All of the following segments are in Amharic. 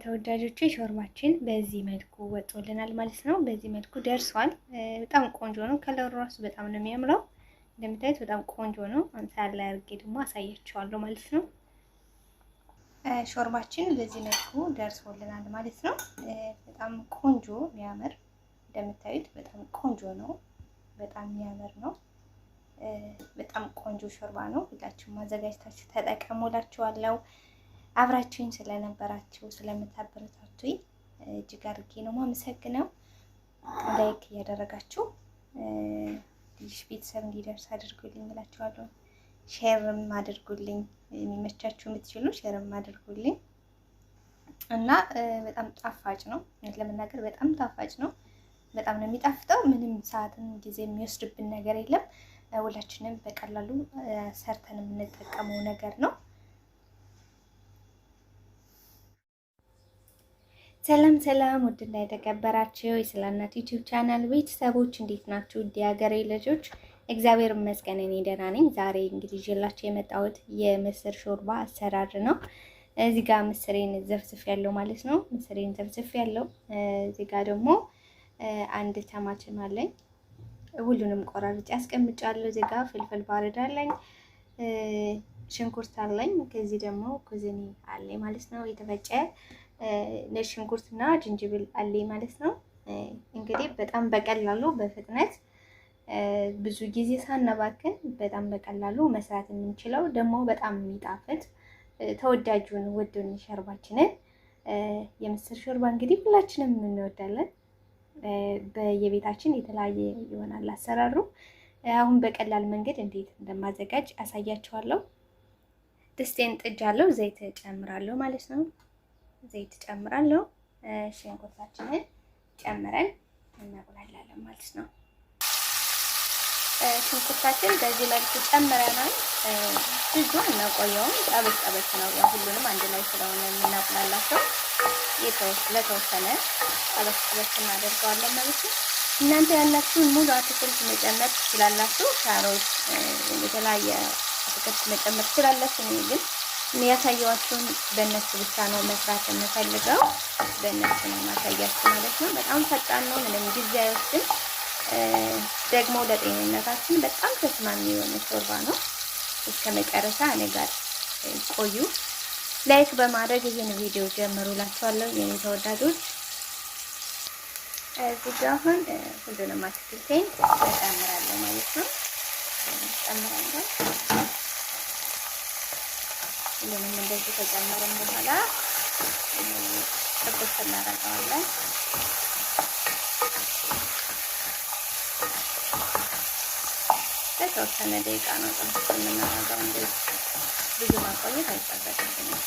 ተወዳጆች ሾርማችን በዚህ መልኩ ወጥቶልናል ማለት ነው። በዚህ መልኩ ደርሷል። በጣም ቆንጆ ነው። ከለሩ ራሱ በጣም ነው የሚያምረው። እንደምታዩት በጣም ቆንጆ ነው። ያለ አድርጌ ደግሞ አሳያቸዋለሁ ማለት ነው። ሾርባችን በዚህ መልኩ ደርሶልናል ማለት ነው። በጣም ቆንጆ የሚያምር እንደምታዩት በጣም ቆንጆ ነው። በጣም የሚያምር ነው። በጣም ቆንጆ ሾርባ ነው። ሁላችሁም አዘጋጅታችሁ ተጠቀሙላችኋለሁ። አብራችሁኝ ስለነበራችሁ ስለምታበረታቱኝ እጅግ አድርጌ ነው ማመሰግነው። ላይክ እያደረጋችሁ ትንሽ ቤተሰብ እንዲደርስ አድርጉልኝ እላችኋለሁ። ሼርም አድርጉልኝ፣ የሚመቻችሁ የምትችሉ ሼርም አድርጉልኝ እና በጣም ጣፋጭ ነው። እውነት ለመናገር በጣም ጣፋጭ ነው። በጣም ነው የሚጣፍጠው። ምንም ሰዓትን ጊዜ የሚወስድብን ነገር የለም። ሁላችንም በቀላሉ ሰርተን የምንጠቀመው ነገር ነው። ሰላም ሰላም፣ ውድና የተከበራችሁ የስላናት ዩቲዩብ ቻናል ቤተሰቦች እንዴት ናችሁ? ውድ የሀገሬ ልጆች እግዚአብሔር ይመስገን እኔ ደህና ነኝ። ዛሬ እንግዲህ ይዤላችሁ የመጣሁት የምስር ሾርባ አሰራር ነው። እዚህ ጋር ምስሬን ዘፍዝፍ ያለው ማለት ነው። ምስሬን ዘፍዝፍ ያለው እዚህ ጋር ደግሞ አንድ ቲማቲም አለኝ። ሁሉንም ቆራርጬ አስቀምጫለሁ። እዚህ ጋር ፍልፍል ባረድ አለኝ፣ ሽንኩርት አለኝ። ከዚህ ደግሞ ኩዝኒ አለኝ ማለት ነው የተፈጨ ነጭ ሽንኩርትና ጅንጅብል አለኝ ማለት ነው። እንግዲህ በጣም በቀላሉ በፍጥነት ብዙ ጊዜ ሳናባክን በጣም በቀላሉ መስራት የምንችለው ደግሞ በጣም የሚጣፍጥ ተወዳጁን ውዱን ሸርባችንን የምስር ሾርባ እንግዲህ ሁላችንም እንወዳለን። በየቤታችን የተለያየ ይሆናል አሰራሩ። አሁን በቀላል መንገድ እንዴት እንደማዘጋጅ አሳያችኋለሁ። ድስቴን ጥጃለሁ፣ ዘይት ጨምራለሁ ማለት ነው። ዘይት ጨምራለሁ። ሽንኩርታችንን ጨምረን እናቁላላለን ማለት ነው። ሽንኩርታችን በዚህ መልኩ ጨምረናል። ብዙ እናቆየውም፣ ጠበስ ጠበስ ነው። ሁሉንም አንድ ላይ ስለሆነ የምናቁላላቸው ለተወሰነ ጠበስ ጠበስ እናደርገዋለን ማለት ነው። እናንተ ያላችሁን ሙሉ አትክልት መጨመር ትችላላችሁ። ካሮት፣ የተለያየ አትክልት መጨመር ትችላላችሁ ግን ያሳየዋችሁን በእነሱ ብቻ ነው መስራት የምፈልገው። በእነሱ ነው ማሳያቸው ማለት ነው። በጣም ፈጣን ነው፣ ምንም ጊዜ አይወስድም። ደግሞ ለጤንነታችን በጣም ተስማሚ የሆነ ሾርባ ነው። እስከ መጨረሻ እኔ ጋር ቆዩ። ላይክ በማድረግ ይህን ቪዲዮ ጀምሩላችኋለሁ የኔ ተወዳጆች። እዚህ ጋር አሁን ሁሉንም አትክልቴን እጨምራለሁ ማለት ነው። እጨምራለሁ ሁሉንም እንደዚህ ከጨመርን በኋላ ጥብስ እናደርገዋለን። ደቂቃ ነው ጥብስ የምናደርገው። እንደዚህ ብዙ ማቆየት አይጠበቅብንም።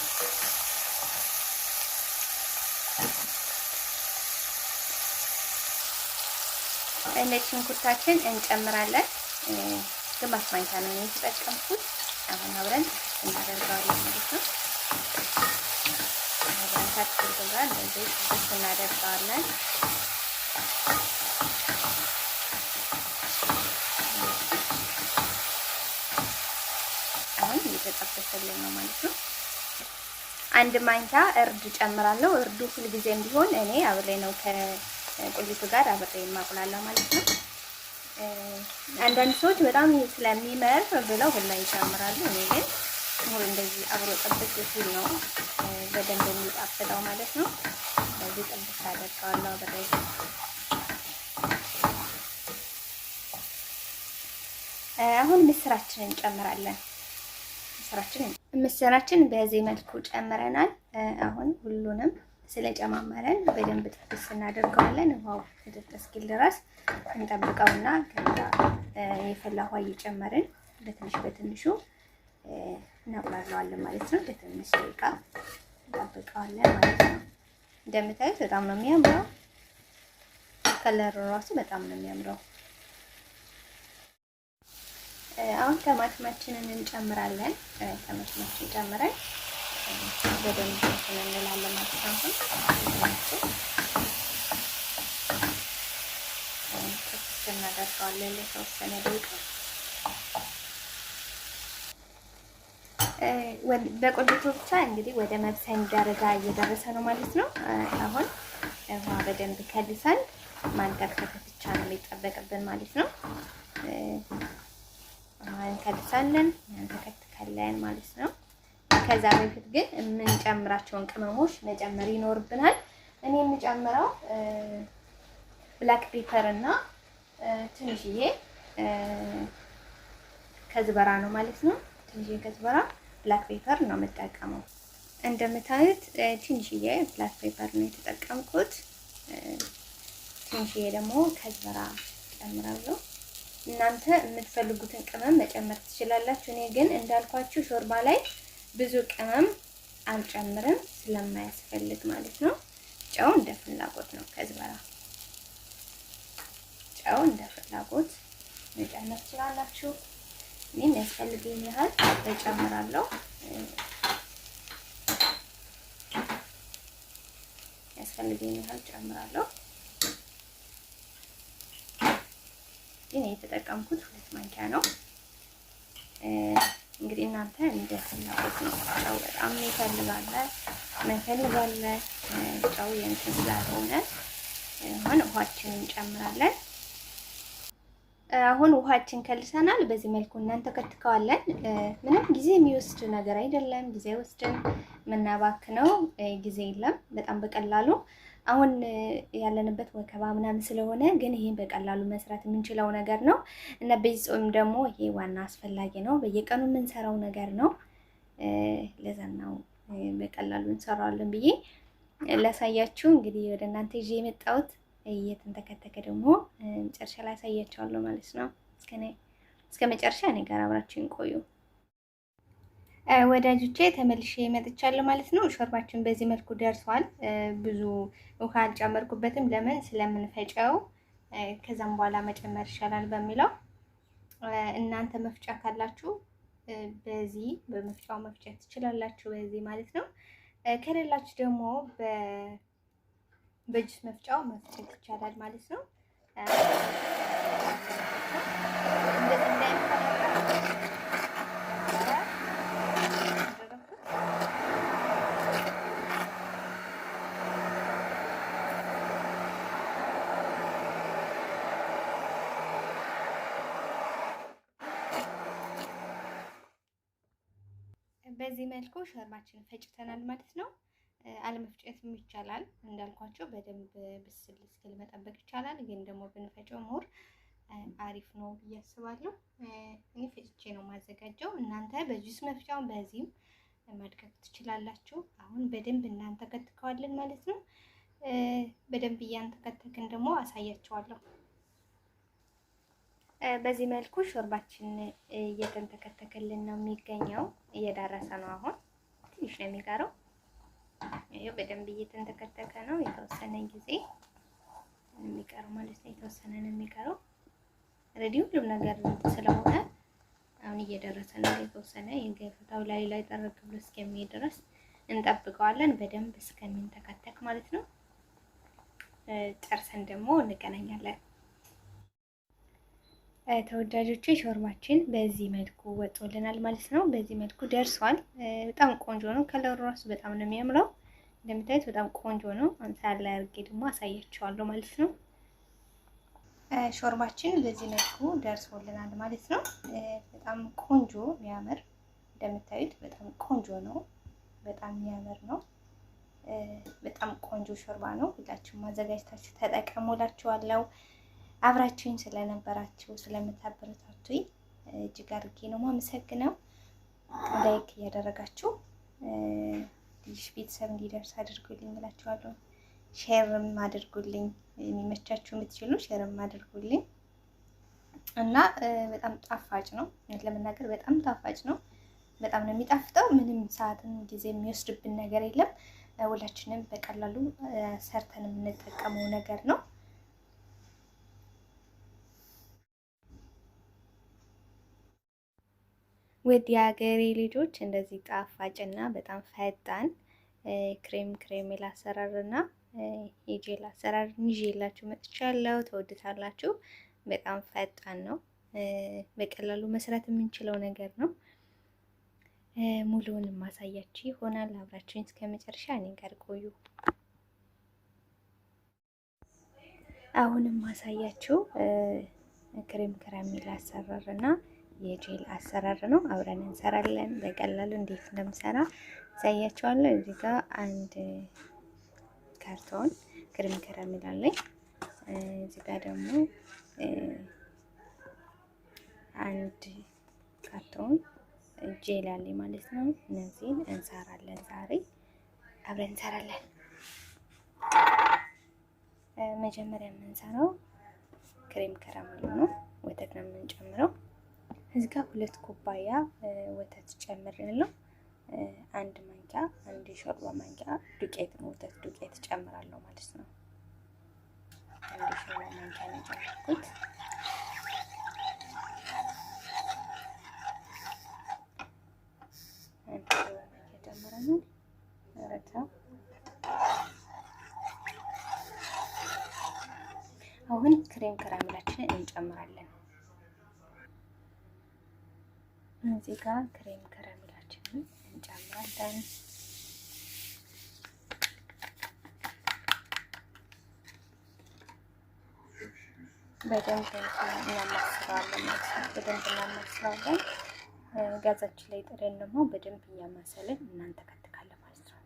ነጭ ሽንኩርታችን እንጨምራለን። ግማሽ ማንኪያ ነው የተጠቀምኩት። አሁን አብረን እናደርገዋለን። ከአትክልቱ ጋር እንደዚህ ጥብስ እናደርገዋለን። አሁን እየተጠበሰልን ነው ማለት ነው። አንድ ማንኪያ እርድ ጨምራለሁ። እርዱ ሁልጊዜም ቢሆን እኔ አብሬ ነው ከቁሊቱ ጋር አብሬ የማቁላለሁ ማለት ነው። አንዳንድ ሰዎች በጣም ስለሚመር ብለው ሁላ ይጨምራሉ። እኔ ግን አሁን እንደዚህ አብሮ ጥብስ ሲል ነው በደንብ የሚጣፍጠው ማለት ነው። እንደዚህ ጥብስ አደርገዋለሁ በደንብ አሁን ምስራችንን እንጨምራለን። ምስራችንን ምስራችን በዚህ መልኩ ጨምረናል። አሁን ሁሉንም ስለጨማመረን በደንብ ጥብስ እናደርገዋለን። ውሃው ጥብስ እስኪል ድረስ እንጠብቀውና ከዛ የፈላ ውሃ እየጨመርን በትንሽ በትንሹ እናቁላላዋለን ማለት ነው። ለትንሽ ደቂቃ እንጠብቀዋለን ማለት ነው። እንደምታዩት በጣም ነው የሚያምረው። ከለሩ ራሱ በጣም ነው የሚያምረው። አሁን ቲማቲማችንን እንጨምራለን። ቲማቲማችን ጨምረን በደንብ እንላለን ማለት ነው። እናደርገዋለን ለተወሰነ ደቂቃ በቆንጆ ብቻ እንግዲህ ወደ መብሰን ደረጃ እየደረሰ ነው ማለት ነው። አሁን ውሃ በደንብ ከልሰን ማንተክተክ ብቻ ነው የሚጠበቅብን ማለት ነው። እንከልሳለን እንተከትካለን ማለት ነው። ከዛ በፊት ግን የምንጨምራቸውን ቅመሞች መጨመር ይኖርብናል። እኔ የምጨምረው ብላክ ፔፐር እና ትንሽዬ ከዝበራ ነው ማለት ነው። ትንሽዬ ከዝበራ ብላክ ፔፐር ነው የምጠቀመው። እንደምታዩት ትንሽዬ ብላክ ፔፐር ነው የተጠቀምኩት። ትንሽዬ ደግሞ ከዝበራ ጨምራለሁ። እናንተ የምትፈልጉትን ቅመም መጨመር ትችላላችሁ። እኔ ግን እንዳልኳችሁ ሾርባ ላይ ብዙ ቅመም አልጨምርም ስለማያስፈልግ ማለት ነው። ጨው እንደ ፍላጎት ነው። ከዝበራ ጨው እንደ ፍላጎት መጨመር ትችላላችሁ። እኔ የሚያስፈልገኝ ያህል እጨምራለሁ። የሚያስፈልገኝ ያህል ጨምራለሁ። ግን የተጠቀምኩት ሁለት ማንኪያ ነው። እንግዲህ እናንተ እንደ ፍላጎት ነው። ጨው በጣም ይፈልጋለ መፈልጋለ ጨው የእንትን ስላልሆነ አሁን ውሃችንን እንጨምራለን። አሁን ውሃችን ከልሰናል። በዚህ መልኩ ከትከዋለን። ምንም ጊዜ የሚወስድ ነገር አይደለም። ጊዜ ወስድን የምናባክነው ጊዜ የለም። በጣም በቀላሉ አሁን ያለንበት ወከባ ምናምን ስለሆነ ግን ይሄ በቀላሉ መስራት የምንችለው ነገር ነው እና በዚህ ጾም ደግሞ ይሄ ዋና አስፈላጊ ነው። በየቀኑ የምንሰራው ነገር ነው። ለዛናው በቀላሉ እንሰራዋለን ብዬ ላሳያችሁ እንግዲህ ወደ እናንተ ይዤ የመጣሁት እየተንተከተከ ደግሞ መጨረሻ ላይ ያሳያቸዋለሁ ማለት ነው። እስከ መጨረሻ እኔ ጋር አብራችሁን ቆዩ ወዳጆቼ። ተመልሼ መጥቻለሁ ማለት ነው። ሾርባችን በዚህ መልኩ ደርሷል። ብዙ ውሃ አልጨመርኩበትም። ለምን ስለምንፈጨው ከዛም በኋላ መጨመር ይሻላል በሚለው እናንተ መፍጫ ካላችሁ በዚህ በመፍጫው መፍጨት ትችላላችሁ፣ በዚህ ማለት ነው። ከሌላችሁ ደግሞ በጁስ መፍጫው መፍጨት ይቻላል ማለት ነው። በዚህ መልኩ ሸርማችንን ፈጭተናል ማለት ነው። አለመፍጨትም ይቻላል። እንዳልኳቸው በደንብ ብስል እስክል መጠበቅ ይቻላል። ግን ደግሞ ብንፈጨው ሞር አሪፍ ነው ብዬ አስባለሁ። እኔ ፈጭቼ ነው የማዘጋጀው። እናንተ በጁስ መፍጫውን በዚህም ማድቀቅ ትችላላችሁ። አሁን በደንብ እናንተከትከዋለን ማለት ነው። በደንብ እያንተከተክን ደግሞ አሳያቸዋለሁ በዚህ መልኩ ሾርባችን እየተንተከተከልን ነው የሚገኘው። እየዳረሰ ነው። አሁን ትንሽ ነው የሚቀረው። ይኸው በደንብ እየተንተከተከ ነው። የተወሰነ ጊዜ የሚቀረው ማለት ነው። የተወሰነ ነው የሚቀረው። ሬዲ ሁሉም ነገር ስለሆነ አሁን እየደረሰ ነው። የተወሰነ የገፍታው ላይ ላይ ጠረግ ብሎ እስከሚሄድ ድረስ እንጠብቀዋለን። በደንብ እስከሚንተከተክ ማለት ነው። ጨርሰን ደግሞ እንገናኛለን። ተወዳጆች ሾርባችን በዚህ መልኩ ወጥቶልናል ማለት ነው። በዚህ መልኩ ደርሷል። በጣም ቆንጆ ነው። ከለሩ ራሱ በጣም ነው የሚያምረው። እንደምታዩት በጣም ቆንጆ ነው። ያለ አድርጌ ደግሞ አሳያቸዋለሁ ማለት ነው። ሾርባችን በዚህ መልኩ ደርሶልናል ማለት ነው። በጣም ቆንጆ የሚያምር እንደምታዩት በጣም ቆንጆ ነው። በጣም የሚያምር ነው። በጣም ቆንጆ ሾርባ ነው። ሁላችሁም አዘጋጅታችሁ ተጠቀሙላችኋለሁ። አብራችሁኝ ስለነበራችሁ ስለምታበረታቱኝ እጅግ አድርጌ ነው ማመሰግነው። ላይክ እያደረጋችሁ ልጅ ቤተሰብ እንዲደርስ አድርጉልኝ እላችኋለሁ። ሼርም አድርጉልኝ፣ የሚመቻችሁ የምትችሉ ሼርም አድርጉልኝ እና በጣም ጣፋጭ ነው ለመናገር በጣም ጣፋጭ ነው። በጣም ነው የሚጣፍጠው። ምንም ሰዓትም ጊዜ የሚወስድብን ነገር የለም። ሁላችንም በቀላሉ ሰርተን የምንጠቀመው ነገር ነው። ውድ የሀገሬ ልጆች እንደዚህ ጣፋጭና በጣም ፈጣን ክሬም ክሬም አሰራርና የጄል አሰራር ይዤላችሁ መጥቻለሁ። ተወድታላችሁ። በጣም ፈጣን ነው። በቀላሉ መስራት የምንችለው ነገር ነው። ሙሉውን ማሳያችሁ ይሆናል። አብራችሁኝ እስከ መጨረሻ እኔ ጋር ቆዩ። አሁንም ማሳያችሁ ክሬም ክሬሜላ እና የጄል አሰራር ነው። አብረን እንሰራለን። በቀላሉ እንዴት እንደምሰራ ያሳያቸዋለሁ። እዚህ ጋር አንድ ካርቶን ክሪም ከረሜላ አለኝ። እዚህ ጋር ደግሞ አንድ ካርቶን ጄል አለኝ ማለት ነው። እነዚህን እንሰራለን ዛሬ አብረን እንሰራለን። መጀመሪያ የምንሰራው ክሬም ከረሜላ ነው። ወተት ነው የምንጨምረው እዚህ ጋር ሁለት ኩባያ ወተት ጨምሬያለሁ። አንድ ማንኪያ አንድ የሾርባ ማንኪያ ዱቄት ነው ወተት ዱቄት ጨምራለሁ ማለት ነው። አንድ የሾርባ ማንኪያ ነው ጨመርኩት። አንድ አሁን ክሬም ከራሚላችንን እንጨምራለን። እዚህ ጋር ክሬም ከረሜላችንን እንጨምራለን። በደንብ እናማስለዋለን ማለት ነው። በደንብ እናማስለዋለን። ጋዛችን ላይ ጥሬን ደግሞ በደንብ እያማሰልን እናንተከትካለን ማለት ነው።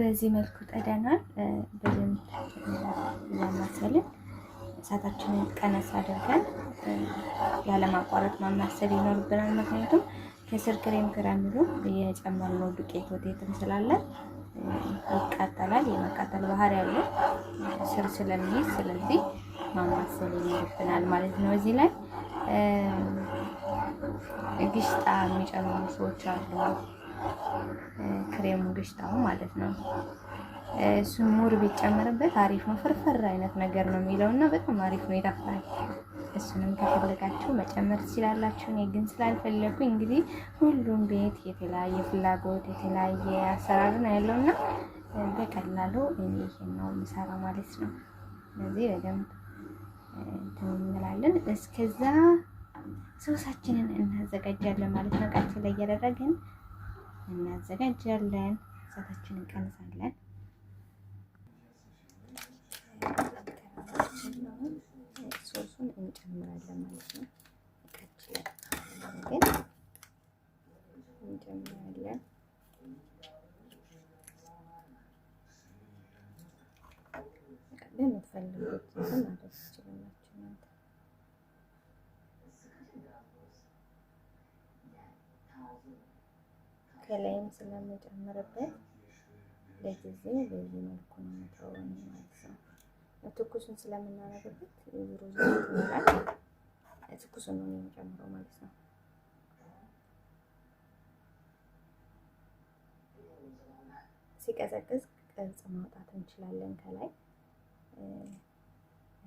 በዚህ መልኩ ጠደናል። በደንብ እያመሰልን እሳታችንን ቀነስ አድርገን ያለማቋረጥ ማማሰል ይኖርብናል። ምክንያቱም ከስር ክሬም ክረሚሉ የጨመርነው ዱቄት ወቴትም ስላለን ይቃጠላል። የመቃጠል ባህሪ ያለ ስር ስለሚይዝ ስለዚህ ማማሰል ይኖርብናል ማለት ነው። እዚህ ላይ ግሽጣ የሚጨምሩ ሰዎች አሉ። ክሬሙ ግሽጣው ማለት ነው። ስሙር ቢጨመርበት አሪፍ ነው። ፍርፍር አይነት ነገር ነው የሚለው እና በጣም አሪፍ ነው፣ ይጣፍጣል። እሱንም ከፈለጋችሁ መጨመር ትችላላችሁ። እኔ ግን ስላልፈለኩኝ እንግዲህ ሁሉም ቤት የተለያየ ፍላጎት የተለያየ አሰራር ነው ያለው እና በቀላሉ እኔ ይሄን ነው ማለት ነው። ስለዚህ በደንብ እንትን እንላለን። እስከዛ ሶሳችንን እናዘጋጃለን ማለት ነው። ቃችን ላይ እያደረግን እናዘጋጃለን። ሶሳችንን ቀንሳለን። አሁን ሶሱን እንጨምራለን ማለት ነው። እቃችን እንጨምራለን በምትፈልጉት ትችላላችሁ ከላይም ስለምጨምርበት ለጊዜው በዚህ መልኩ ነው ተወው ማለት ትኩሱን ስለምናረግበት የዝሮ ይላል። ትኩሱን ነው የሚጨምረው ማለት ነው። ሲቀዘቅዝ ቅርጽ ማውጣት እንችላለን ከላይ።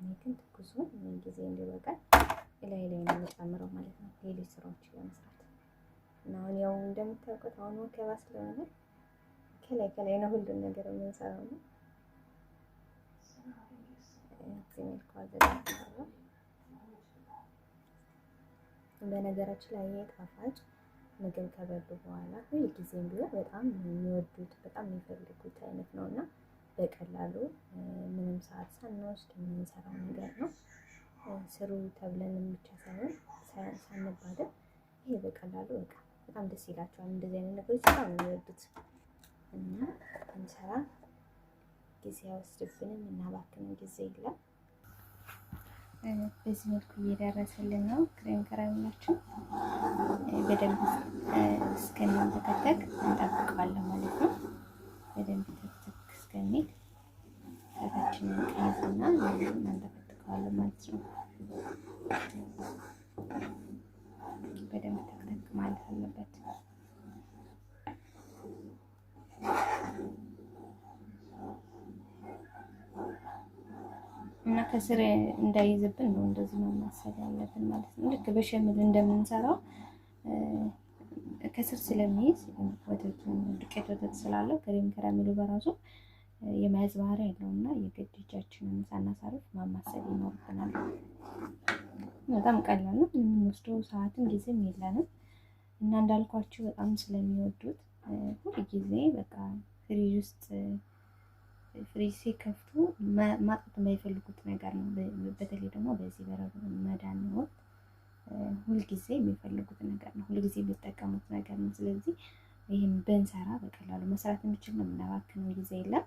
እኔ ግን ትኩሱን ምን ጊዜ እንዲበቃል እላይ ላይ ነው የሚጨምረው ማለት ነው። ሌሎች ስራዎችን ለመስራት እና አሁን ያው እንደምታውቁት አሁን ወከባ ስለሆነ ከላይ ከላይ ነው ሁሉን ነገር የምንሰራው ነው። በነገራችን ላይ ይሄ ጣፋጭ ምግብ ከበሉ በኋላ ሁል ጊዜም ቢሆን በጣም የሚወዱት በጣም የሚፈልጉት አይነት ነው እና በቀላሉ ምንም ሰዓት ሳንወስድ የምንሰራው ነገር ነው። ስሩ ተብለንም ብቻ ሳይሆን ሳንባለን ይሄ በቀላሉ በቃ በጣም ደስ ይላቸዋል። እንደዚህ አይነት ነገሮች በጣም የሚወዱት እና እንሰራ ጊዜ አይወስድብንም እናባክንም ጊዜ የለም። በዚህ መልኩ እየደረሰልን ነው። ክሬም ከረሚላችን በደንብ እስከሚንበተተክ እንጠብቀዋለን ማለት ነው። በደንብ ተክተክ እስከሚል ከታችንን ቀይዝና እንጠፈትቀዋለን ማለት ነው። በደንብ ተክተክ ማለት አለበት። ከስር እንዳይዝብን ነው እንደዚህ ነው ማሰብ ያለብን ማለት ነው። ልክ በሸምል እንደምንሰራው ከስር ስለሚይዝ ወተቱ ዱቄት ወተት ስላለው ክሬም ከረሚሉ በራሱ የመያዝ ባህሪ እና የግድ እጃችንን ሳናሳርፍ ማማሰል ይኖርብናል። በጣም ቀላል ነው። የምንወስደው ሰዓትም ጊዜም የለንም እና እንዳልኳችሁ በጣም ስለሚወዱት ሁል ጊዜ በቃ ፍሪጅ ውስጥ ፍሪጅ ሲከፍቱ ማጣት የማይፈልጉት ነገር ነው። በተለይ ደግሞ በዚህ በረዶ መዳን ወቅት ሁልጊዜ የሚፈልጉት ነገር ነው። ሁልጊዜ የሚጠቀሙት ነገር ነው። ስለዚህ ይህም ብንሰራ በቀላሉ መስራት የሚችል ነው። የምናባክነው ጊዜ የለም።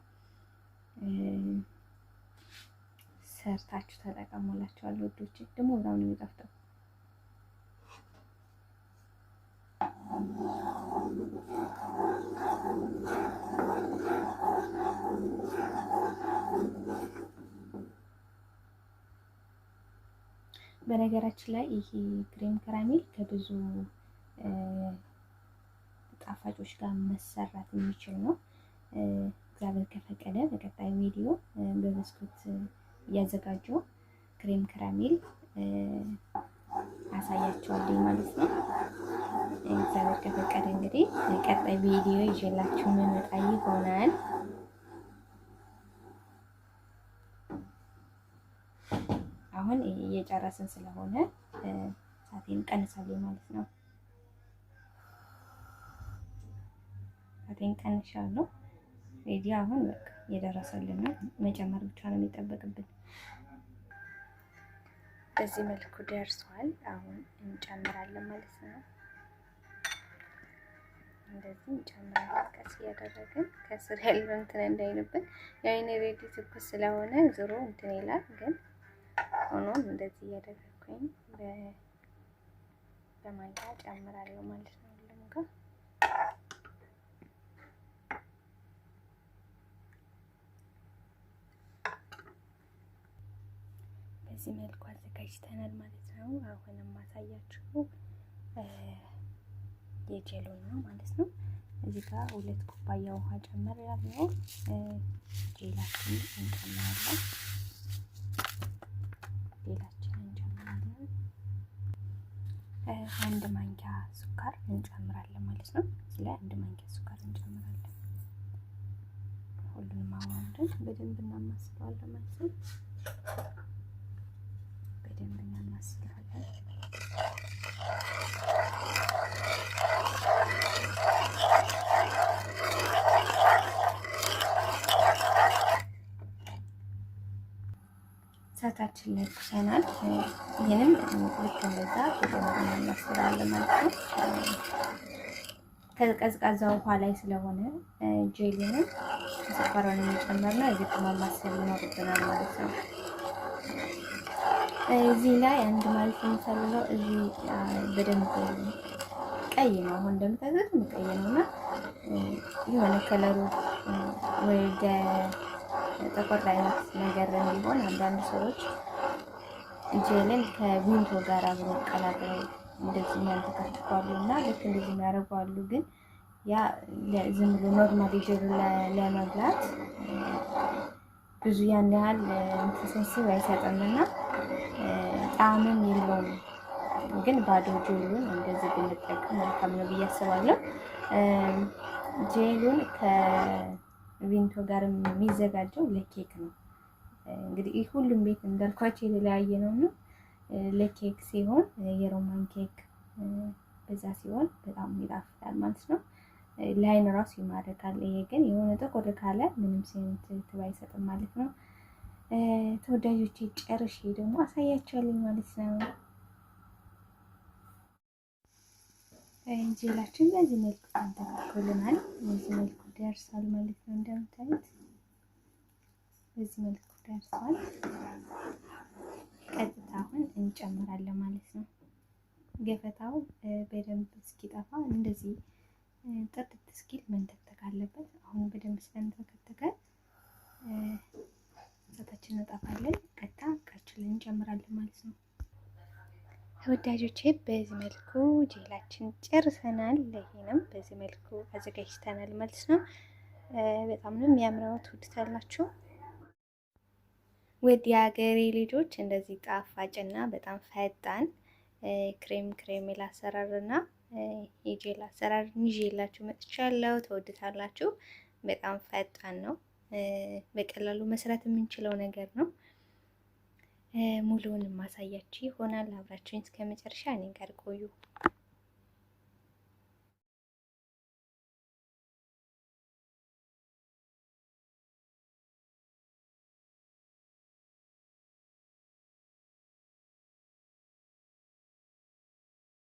ሰርታችሁ ተጠቀሙላቸዋል። ወዶች ደግሞ በጣም ነው የሚጠፍጠው። በነገራችን ላይ ይሄ ክሬም ከራሜል ከብዙ ጣፋጮች ጋር መሰራት የሚችል ነው። እግዚአብሔር ከፈቀደ በቀጣይ ቪዲዮ በብስኩት እያዘጋጀው ክሬም ከራሜል አሳያቸዋለሁ ማለት ነው። እግዚአብሔር ከፈቀደ እንግዲህ ቀጣይ ቪዲዮ ይዤላችሁ መመጣ ይሆናል። አሁን እየጨረስን ስለሆነ ሳቴን ቀንሳለሁ ማለት ነው። ሳቴን ቀንሻለሁ። ሬዲ አሁን በቃ እየደረሰልን ነው። መጨመር ብቻ ነው የሚጠበቅብን። በዚህ መልኩ ደርሷል። አሁን እንጨምራለን ማለት ነው። እንደዚህ እንጨምራለን። ቀስ እያደረግን ከስር ያለው እንትን እንዳይልብን የአይኔ ሬዲ ትኩስ ስለሆነ ዞሮ እንትን ይላል ግን ሆኖ እንደዚህ እያደረግኩኝ በማንኪያ ጨምራለሁ ማለት ነው። ሁሉም ጋር በዚህ መልኩ አዘጋጅተናል ማለት ነው። አሁንም ማሳያችሁ የጀሎ ነው ማለት ነው። እዚህ ጋር ሁለት ኩባያ ውሃ ጨምር ያለው ጄላችን እንጨምራለን። ጌጣችንን እንጨምራለን። አንድ ማንኪያ ስኳር እንጨምራለን ማለት ነው። እዚህ ላይ አንድ ማንኪያ ስኳር እንጨምራለን። ሁሉንም አዋህደን በደንብ እናማስለዋለን ማለት ነው። በደንብ እናማስለዋለን። ወተታችን ለኩሰናል። ይህንም ልክ እንደዛ የጨመርን እናስራለን ማለት ነው። ከቀዝቃዛ ውሃ ላይ ስለሆነ ጄሊንም ስኳሩን የሚጨመርነው የግድ ማማሰል ይኖርብናል ማለት ነው። እዚህ ላይ አንድ ማለት የምፈልገው እዚህ በደንብ ቀይ ነው። አሁን እንደምታዘት ቀይ ነው እና የሆነ ከለሩ ወደ ጥቁር አይነት ነገር እንዲሆን አንዳንድ ሰዎች ጄልን ከቪንቶ ጋር አብሮ ቀላቅለው እንደዚህ የሚያንተከትኳሉ እና ልክ እንደዚህ የሚያደርጓሉ። ግን ያ ዝም ብሎ ኖርማል ጄሉ ለመብላት ብዙ ያን ያህል ኢንተንሲቭ አይሰጥምና ጣዕምም የለውም። ግን ባዶ ጄሉን እንደዚህ ብንጠቀም መልካም ነው ብዬ አስባለሁ። ጄሉን ከ ቪንቶ ጋር የሚዘጋጀው ለኬክ ነው። እንግዲህ ሁሉም ቤት እንዳልኳቸው የተለያየ ነው እና ለኬክ ሲሆን የሮማን ኬክ በዛ ሲሆን በጣም ይጣፍጣል ማለት ነው። ላይን ራሱ ይማረካል። ይሄ ግን የሆነ ጥቁር ካለ ምንም ሴንት ትብ አይሰጥም ማለት ነው። ተወዳጆች ጨርሼ ደግሞ አሳያቸዋለኝ ማለት ነው። እንጀላችን በዚህ መልኩ አንተካክልናል። በዚህ መልኩ ደርሷል ማለት ነው። እንደምታዩት በዚህ መልኩ ደርሷል። ቀጥታ አሁን እንጨምራለን ማለት ነው። ገፈታው በደንብ እስኪጠፋ እንደዚህ ጥርት እስኪል መንተክተክ አለበት። አሁን በደንብ ስለንተከተከ እሳታችንን እንጠፋለን። ቀጥታ እቃችንን እንጨምራለን ማለት ነው። ተወዳጆቼ በዚህ መልኩ ጄላችን ጨርሰናል። ይሄንም በዚህ መልኩ አዘጋጅተናል ማለት ነው። በጣም ነው የሚያምረው። ትወዱታላችሁ። ውድ የሀገሬ ልጆች እንደዚህ ጣፋጭና በጣም ፈጣን ክሬም ክሬሜላ አሰራርና የጄል አሰራር ይዤላችሁ መጥቻለሁ። ተወዱታላችሁ። በጣም ፈጣን ነው። በቀላሉ መስራት የምንችለው ነገር ነው። ሙሉውን ማሳያችሁ ይሆናል። አብራችሁኝ እስከ መጨረሻ እኔ ጋር ቆዩ።